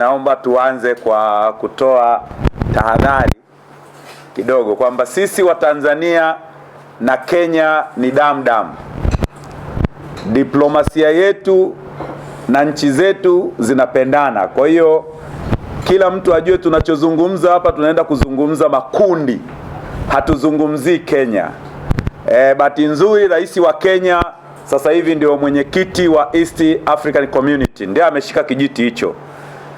Naomba tuanze kwa kutoa tahadhari kidogo kwamba sisi wa Tanzania na Kenya ni damu damu. Diplomasia yetu na nchi zetu zinapendana. Kwa hiyo kila mtu ajue tunachozungumza hapa, tunaenda kuzungumza makundi, hatuzungumzii Kenya. E, bahati nzuri rais wa Kenya sasa hivi ndio mwenyekiti wa East African Community, ndiye ameshika kijiti hicho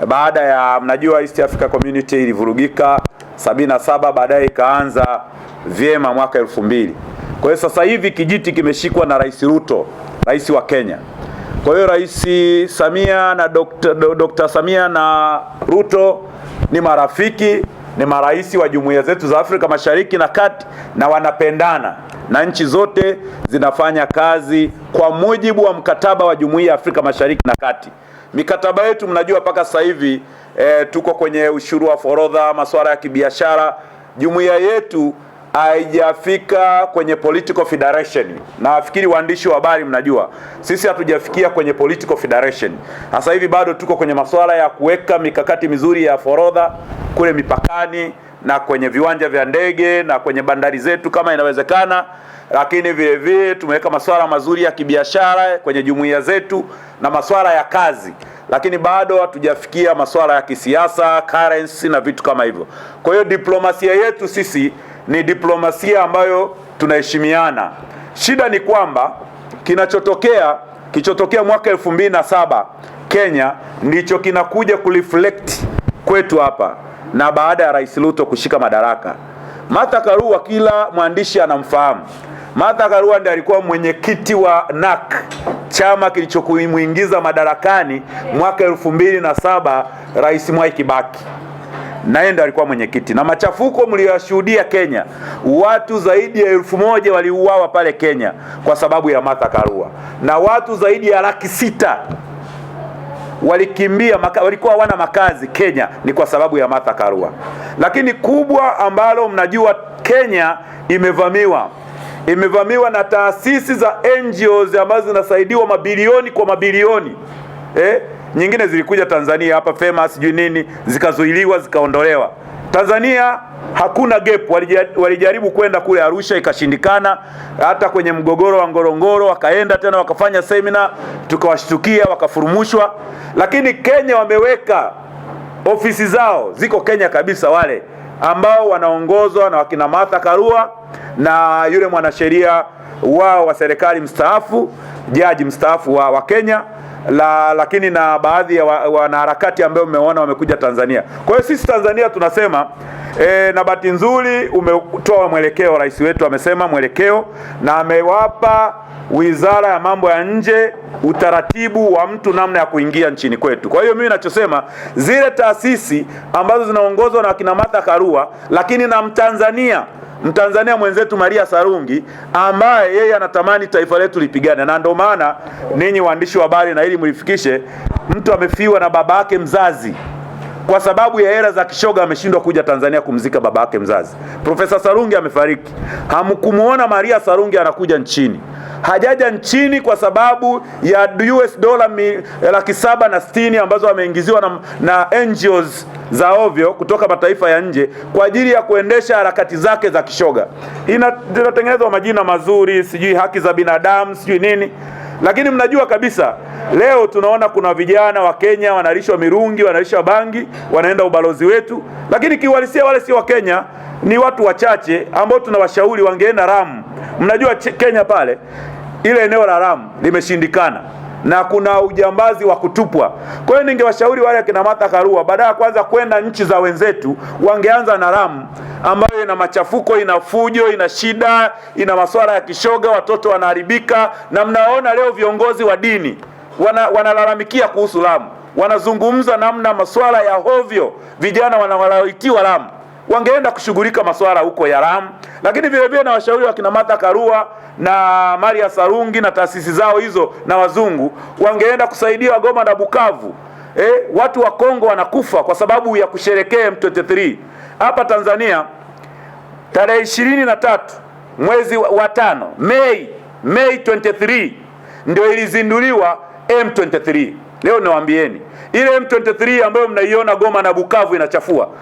baada ya mnajua East Africa Community ilivurugika 77 baadaye ikaanza vyema mwaka elfu mbili. Kwa hiyo sasa hivi kijiti kimeshikwa na Rais Ruto, rais wa Kenya. Kwa hiyo Rais Samia na Dr. Dr. Samia na Ruto ni marafiki, ni marais wa jumuiya zetu za Afrika Mashariki na Kati na wanapendana na nchi zote zinafanya kazi kwa mujibu wa mkataba wa Jumuiya ya Afrika Mashariki na Kati. Mikataba yetu mnajua mpaka sasa hivi e, tuko kwenye ushuru wa forodha, masuala ya kibiashara. Jumuiya yetu haijafika kwenye political federation, na nafikiri waandishi wa habari mnajua sisi hatujafikia kwenye political federation. Sasa hivi bado tuko kwenye masuala ya kuweka mikakati mizuri ya forodha kule mipakani na kwenye viwanja vya ndege na kwenye bandari zetu kama inawezekana lakini vile vile tumeweka masuala mazuri ya kibiashara kwenye jumuiya zetu na masuala ya kazi, lakini bado hatujafikia masuala ya kisiasa, currency na vitu kama hivyo. Kwa hiyo diplomasia yetu sisi ni diplomasia ambayo tunaheshimiana. Shida ni kwamba kinachotokea kichotokea mwaka elfu mbili na saba Kenya ndicho kinakuja kureflect kwetu hapa, na baada ya Rais Ruto kushika madaraka, Martha Karua kila mwandishi anamfahamu. Martha Karua alikuwa mwenyekiti wa NAC, chama kilichokuimuingiza madarakani mwaka elfu mbili na saba Rais Mwai Kibaki, naye ndo alikuwa mwenyekiti. Na machafuko mliyoshuhudia Kenya, watu zaidi ya elfu moja waliuawa pale Kenya kwa sababu ya Martha Karua, na watu zaidi ya laki sita walikimbia walikuwa hawana makazi Kenya, ni kwa sababu ya Martha Karua. Lakini kubwa ambalo mnajua, Kenya imevamiwa imevamiwa na taasisi za NGOs ambazo zinasaidiwa mabilioni kwa mabilioni eh? Nyingine zilikuja Tanzania hapa famous sijui nini, zikazuiliwa zikaondolewa. Tanzania hakuna gap, walijaribu kwenda kule Arusha ikashindikana. Hata kwenye mgogoro wa Ngorongoro wakaenda tena wakafanya semina, tukawashtukia wakafurumushwa. Lakini Kenya wameweka ofisi zao ziko Kenya kabisa wale ambao wanaongozwa na wakina Martha Karua na yule mwanasheria wao wa serikali mstaafu, jaji mstaafu wa, wa Kenya la, lakini na baadhi ya wanaharakati wa ambao mmeona wamekuja Tanzania. Kwa hiyo sisi Tanzania tunasema E, na bahati nzuri umetoa mwelekeo, rais wetu amesema mwelekeo na amewapa Wizara ya Mambo ya Nje utaratibu wa mtu namna ya kuingia nchini kwetu. Kwa hiyo mimi ninachosema zile taasisi ambazo zinaongozwa na akina Martha Karua lakini na Mtanzania Mtanzania mwenzetu Maria Sarungi ambaye yeye anatamani taifa letu lipigane, na ndio maana ninyi waandishi wa habari, na ili mlifikishe, mtu amefiwa na babake mzazi kwa sababu ya hera za kishoga ameshindwa kuja Tanzania kumzika baba yake mzazi. Profesa Sarungi amefariki, hamkumuona Maria Sarungi anakuja nchini. Hajaja nchini kwa sababu ya US dola laki saba na sitini ambazo ameingiziwa na, na NGOs za ovyo kutoka mataifa ya nje kwa ajili ya kuendesha harakati zake za kishoga. Inatengenezwa majina mazuri, sijui haki za binadamu, sijui nini. Lakini mnajua kabisa leo tunaona kuna vijana wa Kenya wanalishwa mirungi, wanalishwa bangi, wanaenda ubalozi wetu, lakini kiuhalisia wale si wa Kenya, ni watu wachache ambao tunawashauri wangeenda Lamu. Mnajua Kenya pale ile eneo la Lamu limeshindikana na kuna ujambazi wa kutupwa. Kwa hiyo ningewashauri wale akina Martha Karua, baada ya kwanza kwenda nchi za wenzetu, wangeanza na Lamu ambayo ina machafuko, ina fujo, ina shida, ina masuala ya kishoga, watoto wanaharibika. Na mnaona leo viongozi wa dini wana, wanalalamikia kuhusu Lamu, wanazungumza namna masuala ya hovyo, vijana wanawalaitiwa Lamu wangeenda kushughulika masuala huko ya Lamu, lakini vile vile na washauri wa kina Martha Karua na Maria Sarungi na taasisi zao hizo na wazungu wangeenda kusaidia Goma na Bukavu. Eh, watu wa Kongo wanakufa kwa sababu ya kusherekea M23 hapa Tanzania tarehe ishirini na tatu mwezi wa tano Mei Mei 23 ndio ilizinduliwa M23. Leo niwaambieni ile M23 ambayo mnaiona Goma na Bukavu inachafua